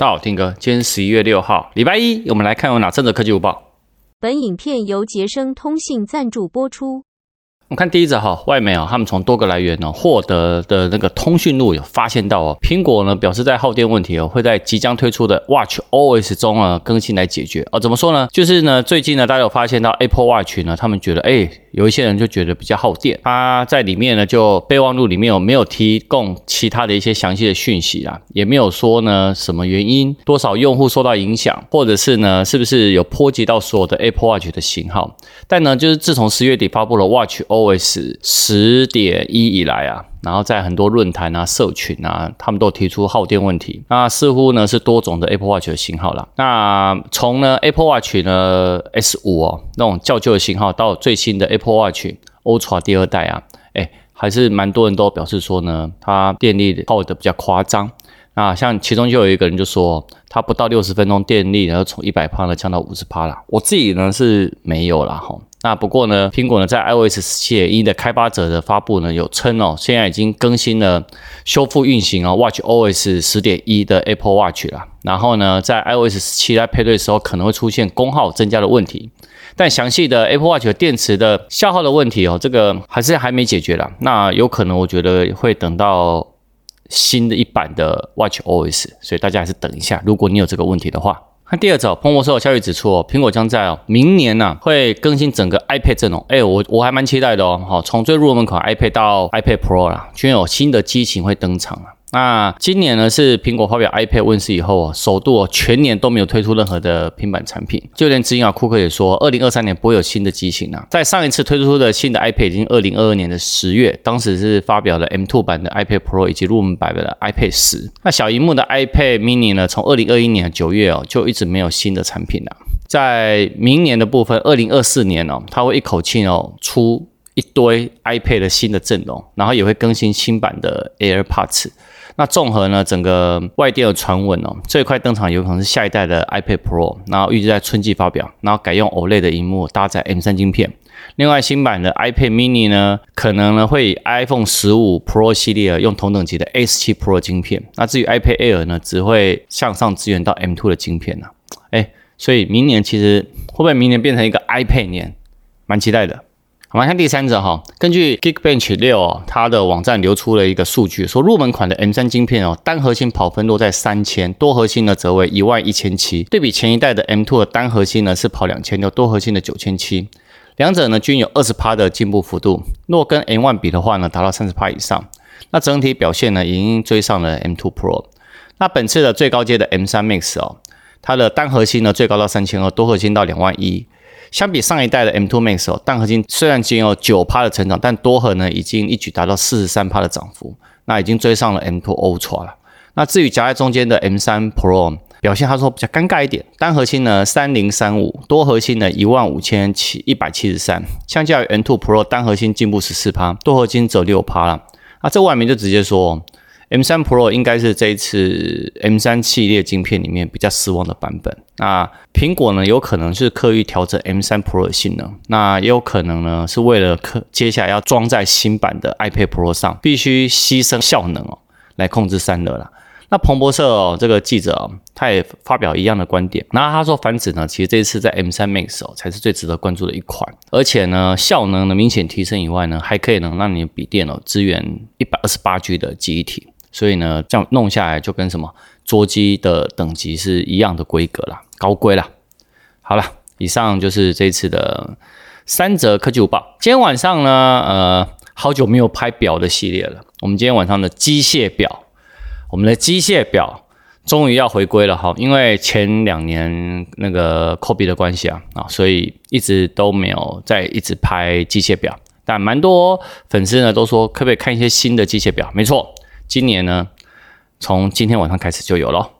大家好，Tim 哥，今天十一月六號，禮拜一，我們來看有哪一則科技午報。本影片由傑生通信贊助播出。我們看第一則哈，外媒啊，他們從多個來源呢獲得的那個通訊錄有發現到哦，蘋果呢表示在耗電問題哦會在即將推出的 Watch OS 中啊更新來解決啊。怎麼說呢？就是呢，最近呢大家有發現到 Apple Watch 呢，他們覺得誒、欸有一些人就覺得比較耗電，它在裡面呢，就備忘錄裡面有沒有提供其他的一些詳細的訊息啦、啊，也沒有說呢什麼原因，多少用戶受到影響，或者是呢是不是有波及到所有的 Apple Watch 的型號？但呢，就是自從十月底發佈了 Watch OS 十點一以來啊。然後在很多論壇啊、社群啊，他們都提出耗電問題。那似乎呢是多種的 Apple Watch 的型號啦。那從呢 Apple Watch 呢 S 五哦，那種較舊的型號，到最新的 Apple Watch Ultra 第二代啊，誒，還是蠻多人都表示說呢，它電力耗得比較誇張。那像其中就有一個人就說，它不到六十分鐘電力呢，然後從一百趴呢降到五十趴了。我自己呢是沒有啦。哈。那不過呢，蘋果呢在 iOS 17.1的開發者的發布呢有稱哦，現在已經更新了，修復運行啊 Watch OS 10.1的 Apple Watch 了。然後呢，在 iOS 17在配對的時候可能會出現功耗增加的問題，但詳細的 Apple Watch 的電池的消耗的問題哦，這個還是還沒解決啦。那有可能我覺得會等到新的一版的 Watch OS，所以大家還是等一下，如果你有這個問題的話。那第二則彭博社有消息指出哦，蘋果將在明年呢，啊，會更新整個 iPad 陣容。誒、欸，我我還蠻期待的哦。好，從最入門款 iPad 到 iPad Pro 啦，居然有新的機型會登場啊。那今年呢，是蘋果發表 iPad 問世以後啊、哦，首度哦全年都沒有推出任何的平板產品，就連執行長啊，庫克也說，二零二三年不會有新的機型啊。在上一次推出的新的 iPad 已經二零二二年的十月，當時是發表了 M2 版的 iPad Pro 以及入門版本的 iPad 十。那小熒幕的 iPad Mini 呢，從二零二一年的九月哦，就一直沒有新的產品了，啊。在明年的部分，二零二四年哦，它會一口氣哦出一堆 iPad 的新的陣容，然後也會更新新版的 AirPods。那綜合呢，整個外電的傳聞哦，最快登場有可能是下一代的 iPad Pro，然後預計在春季發表，然後改用 OLED 的熒幕，搭載 M 三晶片。另外，新版的 iPad Mini 呢，可能呢會以 iPhone 十五 Pro 系列用同等級的 A 十七 Pro 晶片。那至於 iPad Air 呢，只會向上支援到 M two 的晶片呢。哎，所以明年其實會不會明年變成一個 iPad 年，蠻期待的。我們看第三者哈，根據 Geekbench 六哦，它的網站流出了一個數據，說入門款的 M3 晶片哦，單核心跑分落在三千，多核心呢則為一萬一千七。對比前一代的 M2 的單核心呢是跑兩千六，多核心的九千七，兩者呢均有二十趴的進步幅度。若跟 M1 比的話呢，達到三十趴以上。那整體表現呢，已經追上了 M2 Pro。那本次的最高階的 M3 Max 哦，它的單核心呢最高到三千二，多核心到兩萬一。相比上一代的 M2 Max，哦，單核心雖然僅有九趴的成長，但多核呢已經一舉達到四十三趴的漲幅，那已經追上了 M2 Ultra 了。那至於夾在中間的 M3 Pro 表現，他說比較尷尬一點，單核心呢三零三五，3035, 多核心呢一萬五千七一百七十三，15173, 相較於 M2 Pro 單核心進步十四趴，多核心則六趴了。那這外媒就直接說。M 3 Pro 應該是這一次 M 3系列晶片裡面比較失望的版本。那蘋果呢，有可能是刻意調整 M 3 Pro 的性能，那也有可能呢，是為了可接下來要裝在新版的 iPad Pro 上，必須犧牲效能哦，來控制散熱啦。那彭博社、哦、這個記者、哦、他也發表一樣的觀點，那他說，反之呢，其實這一次在 M 3 Max 哦才是最值得關注的一款，而且呢，效能的明顯提升以外呢，還可以能讓你的筆電哦支援一百二十八 G 的記憶體。所以呢，這樣弄下來就跟什麼桌機的等級是一樣的規格啦，高規啦。好了，以上就是這一次的 3C 科技午報。今天晚上呢，呃，好久沒有拍表的系列了。我們今天晚上的機械表，我們的機械表終於要回歸了哈。因為前兩年那個 COVID 的關係啊啊，所以一直都沒有再一直拍機械表。但蠻多、哦、粉絲呢都說，可不可以看一些新的機械表？沒錯。今年呢，從今天晚上開始就有了。